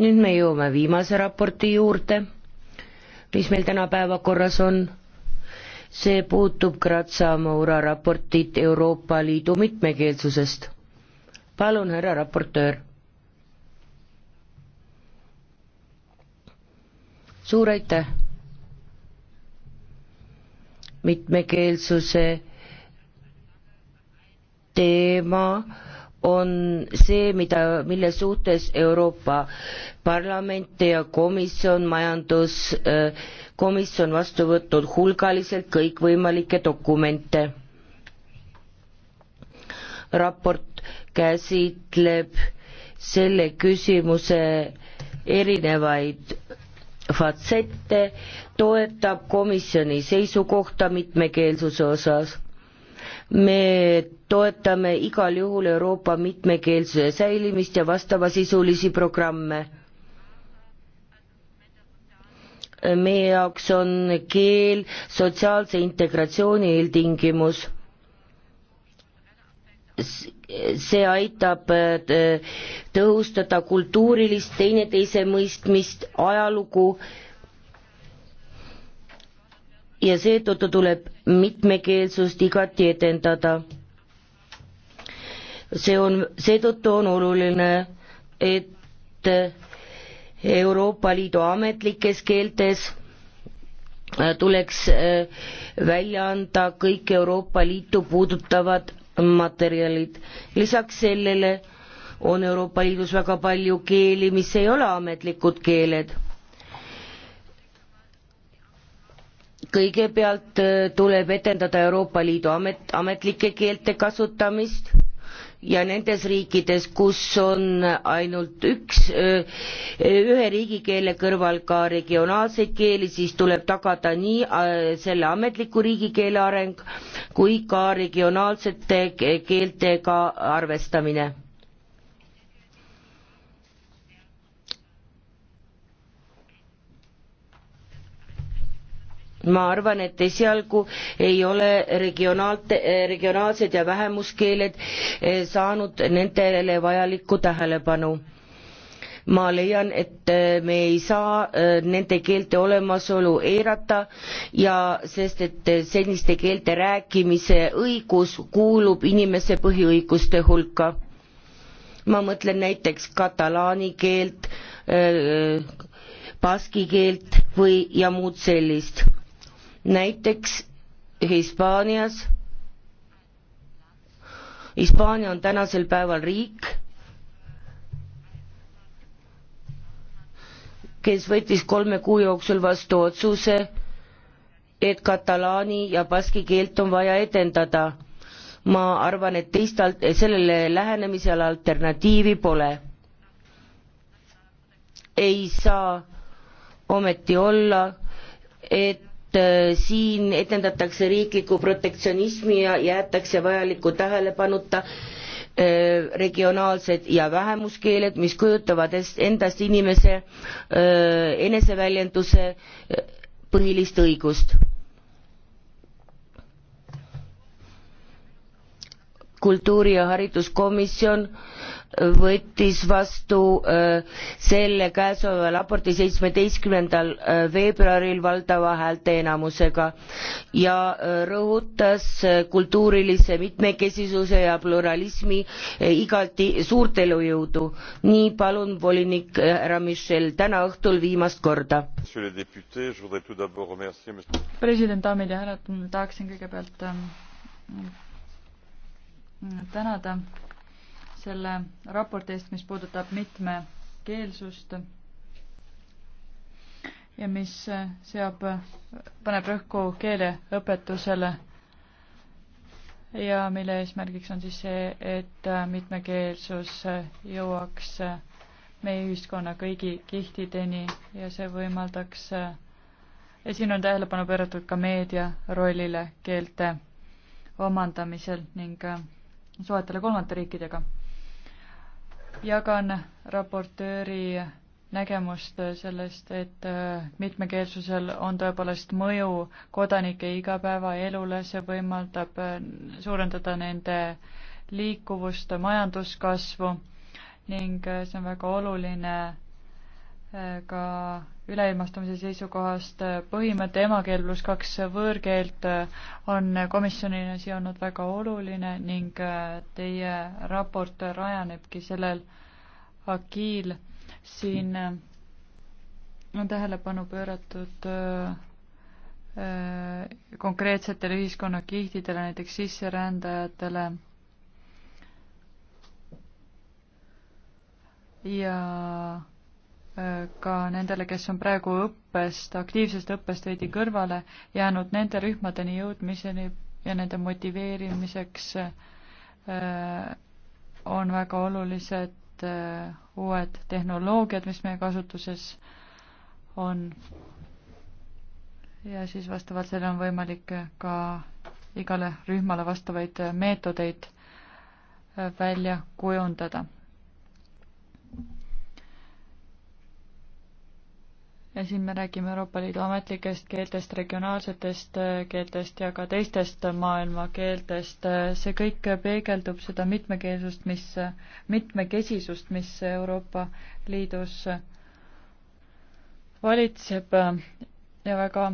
nüüd me jõuame viimase raporti juurde, mis meil täna päevakorras on. see puutub Gratsa Moura raportit Euroopa Liidu mitmekeelsusest. palun, härra raportöör. suur aitäh. mitmekeelsuse teema on see, mida, mille suhtes Euroopa Parlament ja komisjon, majanduskomisjon äh, vastu võtnud hulgaliselt kõikvõimalikke dokumente. raport käsitleb selle küsimuse erinevaid fatsette, toetab komisjoni seisukohta mitmekeelsuse osas me toetame igal juhul Euroopa mitmekeelsuse säilimist ja vastavasisulisi programme. meie jaoks on keel sotsiaalse integratsiooni eeltingimus. see aitab äh, tõhustada kultuurilist teineteise mõistmist, ajalugu, ja seetõttu tuleb mitmekeelsust igati edendada. see on, seetõttu on oluline, et Euroopa Liidu ametlikes keeltes tuleks äh, välja anda kõik Euroopa Liitu puudutavad materjalid. lisaks sellele on Euroopa Liidus väga palju keeli, mis ei ole ametlikud keeled kõigepealt äh, tuleb etendada Euroopa Liidu amet, ametlike keelte kasutamist ja nendes riikides, kus on ainult üks, äh, ühe riigikeele kõrval ka regionaalseid keeli, siis tuleb tagada nii äh, selle ametliku riigikeele areng kui ka regionaalsete keeltega arvestamine ma arvan, et esialgu ei ole regionaalt, regionaalsed ja vähemuskeeled eh, saanud nendele vajalikku tähelepanu ma leian, et eh, me ei saa eh, nende keelte olemasolu eirata ja sest, et seniste keelte rääkimise õigus kuulub inimese põhiõiguste hulka. ma mõtlen näiteks katalaani keelt, baski keelt või, ja muud sellist näiteks Hispaanias, Hispaania on tänasel päeval riik, kes võttis kolme kuu jooksul vastu otsuse, et katalaani ja baski keelt on vaja edendada. ma arvan, et teist alt-, sellele lähenemisele alternatiivi pole. ei saa ometi olla, et Äh, siin edendatakse riiklikku protektsionismi ja jäetakse vajaliku tähelepanuta äh, regionaalsed ja vähemuskeeled, mis kujutavad endast inimese äh, eneseväljenduse põhilist õigust. kultuuri- ja hariduskomisjon võttis vastu äh, selle käesoleva raporti seitsmeteistkümnendal äh, veebruaril valdava häälteenamusega ja äh, rõhutas kultuurilise mitmekesisuse ja pluralismi igati suurt elujõudu. nii palun volinik härra Michel täna õhtul viimast korda. president, daamid ja härrad, tahaksin kõigepealt ähm, tänada selle raporti eest, mis puudutab mitmekeelsust ja mis seab, paneb rõhku keeleõpetusele ja mille eesmärgiks on siis see, et mitmekeelsus jõuaks meie ühiskonna kõigi kihtideni ja see võimaldaks ja siin on tähelepanu pööratud ka meedia rollile keelte omandamisel ning suhetele kolmandate riikidega jagan raportööri nägemust sellest, et äh, mitmekeelsusel on tõepoolest mõju kodanike igapäevaelule, see võimaldab äh, suurendada nende liikuvust, majanduskasvu ning äh, see on väga oluline ka üleilmastumise seisukohast põhimõte emakeel pluss kaks võõrkeelt on komisjonina siia olnud väga oluline ning teie raport rajanebki sellel agiil. siin on tähelepanu pööratud äh, konkreetsetele ühiskonnakihtidele, näiteks sisserändajatele ja ka nendele, kes on praegu õppest, aktiivsest õppest veidi kõrvale jäänud, nende rühmadeni jõudmiseni ja nende motiveerimiseks äh, on väga olulised äh, uued tehnoloogiad, mis meie kasutuses on. ja siis vastavalt sellele on võimalik ka igale rühmale vastavaid meetodeid äh, välja kujundada ja siin me räägime Euroopa Liidu ametlikest keeltest, regionaalsetest äh, keeltest ja ka teistest maailma keeltest. see kõik peegeldub seda mitmekeelsust, mis, mitmekesisust, mis Euroopa Liidus valitseb ja väga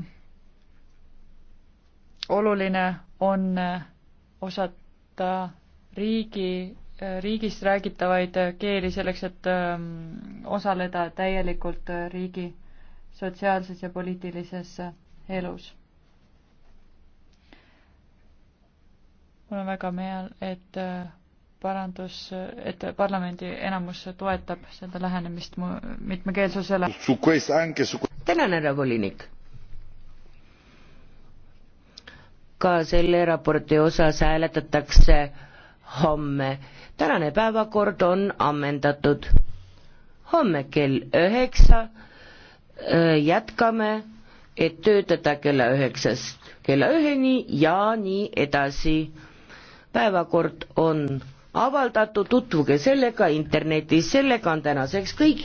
oluline on osata riigi, riigist räägitavaid keeli selleks, et ähm, osaleda täielikult riigi sotsiaalses ja poliitilises elus. mul on väga meel, et äh, parandus, et parlamendi enamus toetab seda lähenemist mu mitmekeelsusele. tänan, härra volinik. ka selle raporti osas hääletatakse homme. tänane päevakord on ammendatud. homme kell üheksa 9 jätkame, et töötada kella üheksast kella üheni ja nii edasi. päevakord on avaldatud, tutvuge sellega internetis, sellega on tänaseks kõik.